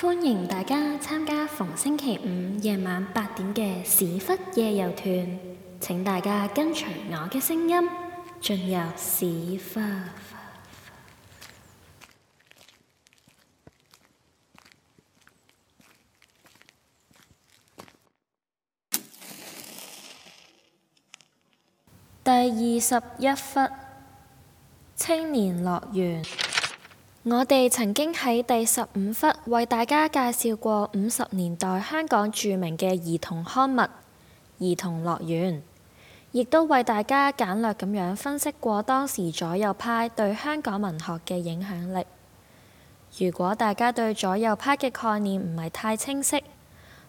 歡迎大家參加逢星期五夜晚八點嘅史窟夜遊團。請大家跟隨我嘅聲音進入史窟。 第二十一窟青年樂園。我哋曾經喺第十五窟為大家介紹過五十年代香港著名嘅兒童刊物《兒童樂園》，亦都為大家簡略咁樣分析過當時左右派對香港文學嘅影響力。如果大家對左右派嘅概念唔係太清晰，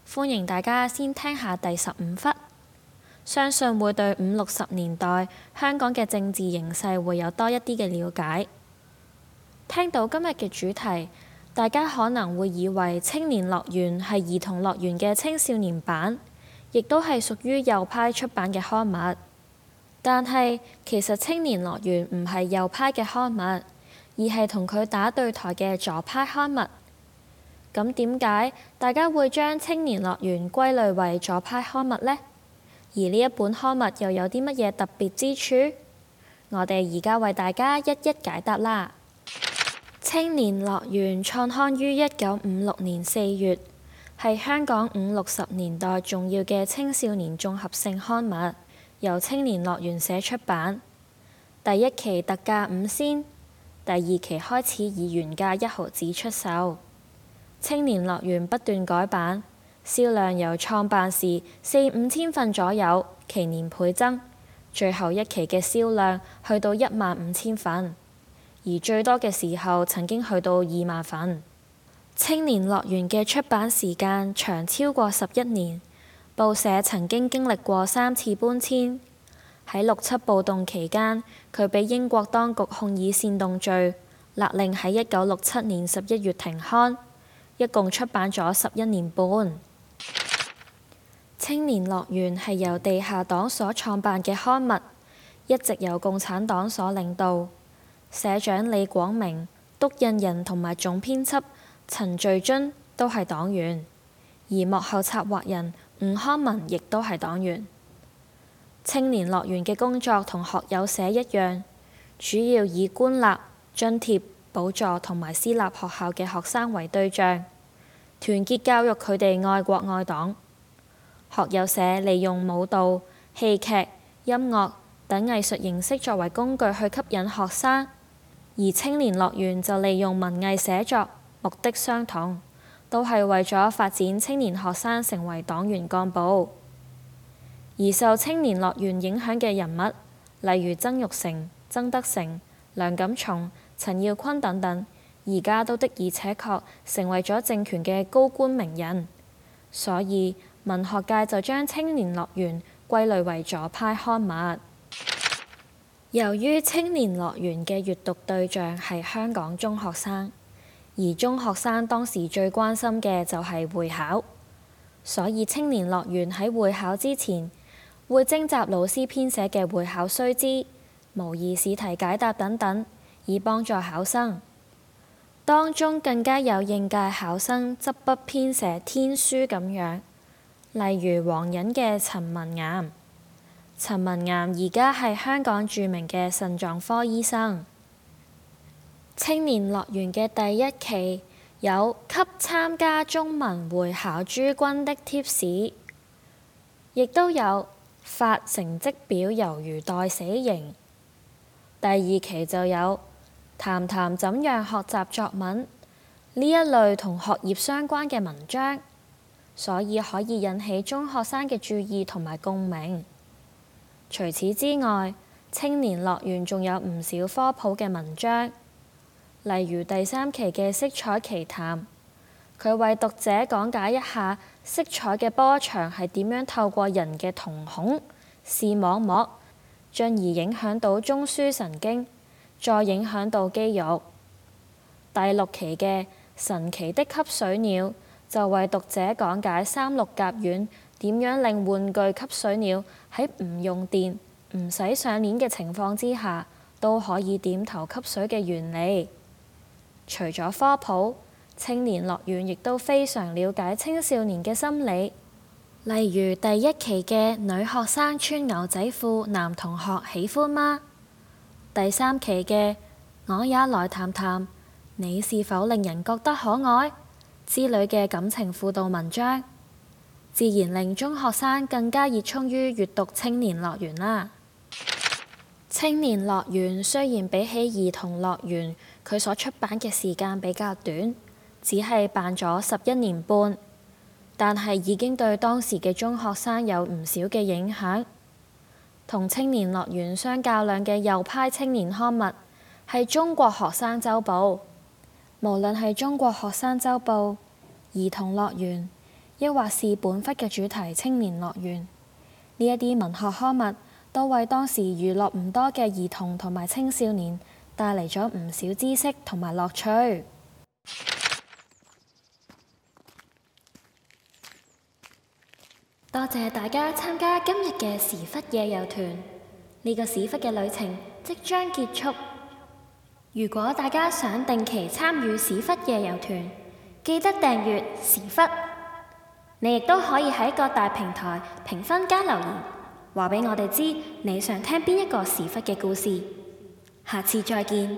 歡迎大家先聽下第十五窟，相信會對五六十年代香港嘅政治形勢會有多一啲嘅了解。聽到今日嘅主題，大家可能會以為青年樂園係兒童樂園嘅青少年版，亦都係屬於右派出版嘅刊物。但係其實青年樂園唔係右派嘅刊物，而係同佢打對台嘅左派刊物。咁點解大家會將青年樂園歸類為左派刊物呢？而呢一本刊物又有啲乜嘢特別之處？我哋而家為大家一一解答啦！青年樂園創刊於一九五六年四月，係香港五六十年代重要嘅青少年綜合性刊物，由青年樂園社出版。第一期特價五仙，第二期開始以原價一毫子出售。青年樂園不斷改版，銷量由創辦時四五千份左右，期年倍增，最後一期嘅銷量去到一萬五千份。而最多嘅時候，曾經去到二萬份。青年樂園嘅出版時間長超過十一年，報社曾經經歷過三次搬遷。喺六七暴動期間，佢被英國當局控以煽動罪，勒令喺一九六七年十一月停刊。一共出版咗十一年半。青年樂園係由地下黨所創辦嘅刊物，一直由共產黨所領導。社長李廣明、督印人同埋總編輯陳序臻都係黨員，而幕後策劃人吳康文亦都係黨員。青年樂園嘅工作同學友社一樣，主要以官立、津貼、補助同埋私立學校嘅學生為對象，團結教育佢哋愛國愛黨。學友社利用舞蹈、戲劇、音樂等藝術形式作為工具去吸引學生。而青年樂園就利用文藝寫作，目的相同，都係為咗發展青年學生成為黨員幹部。而受青年樂園影響嘅人物，例如曾鈺成、曾德成、梁錦松、陳耀坤等等，而家都的而且確成為咗政權嘅高官名人。所以文學界就將青年樂園歸類為左派刊物。由於青年樂園嘅閱讀對象係香港中學生，而中學生當時最關心嘅就係會考，所以青年樂園喺會考之前會徵集老師編寫嘅會考須知、模擬試題解答等等，以幫助考生。當中更加有應屆考生執筆編寫天書咁樣，例如黃韻嘅《尋文岩》。陳文岩而家係香港著名嘅腎臟科醫生。青年樂園嘅第一期有給參加中文會考諸君的貼士，亦都有發成績表猶如待死刑。第二期就有談談怎樣學習作文呢一類同學業相關嘅文章，所以可以引起中學生嘅注意同埋共鳴。除此之外，青年樂園仲有唔少科普嘅文章，例如第三期嘅《色彩奇談》，佢為讀者講解一下色彩嘅波長係點樣透過人嘅瞳孔、視網膜、膜，進而影響到中樞神經，再影響到肌肉。第六期嘅《神奇的吸水鳥》就為讀者講解三氯甲烷。點樣令玩具吸水鳥喺唔用電、唔使上鏈嘅情況之下都可以點頭吸水嘅原理。除咗科普，青年樂園亦都非常了解青少年嘅心理，例如第一期嘅女學生穿牛仔褲，男同學喜歡嗎？第三期嘅我也來談談，你是否令人覺得可愛？之類嘅感情輔導文章。自然令中學生更加熱衷於閱讀《青年樂園》啦。《青年樂園》雖然比起《兒童樂園》，佢所出版嘅時間比較短，只係辦咗十一年半，但係已經對當時嘅中學生有唔少嘅影響。同《青年樂園》相較量嘅右派青年刊物，係《中國學生周報》。無論係《中國學生周報》、《兒童樂園》。抑或是本窟嘅主題《青年樂園》，呢一啲文學刊物都為當時娛樂唔多嘅兒童同埋青少年帶嚟咗唔少知識同埋樂趣。多謝大家參加今日嘅史窟夜遊團，呢、這個史窟嘅旅程即將結束。如果大家想定期參與史窟夜遊團，記得訂閱史窟。你亦都可以喺各大平台評分加留言，話俾我哋知你想聽邊一個史窟嘅故事。下次再見。